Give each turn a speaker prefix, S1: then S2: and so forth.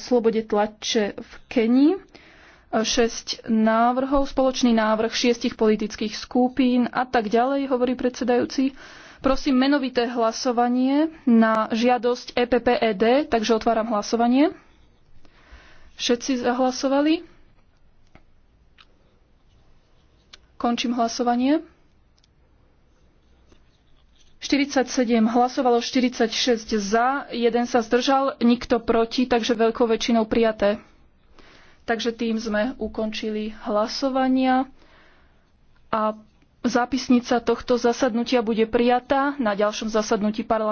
S1: slobode tlače v Kenii. 6 návrhov, spoločný návrh šiestich politických skupín a tak ďalej, hovorí predsedajúci. Prosím menovité hlasovanie na žiadosť EPPED, takže otváram hlasovanie. Všetci zahlasovali. Končím hlasovanie. 47 hlasovalo, 46 za, jeden sa zdržal, nikto proti, takže veľkou väčšinou prijaté. Takže tým sme ukončili hlasovania a zápisnica tohto zasadnutia bude prijatá na
S2: ďalšom zasadnutí parlamentu.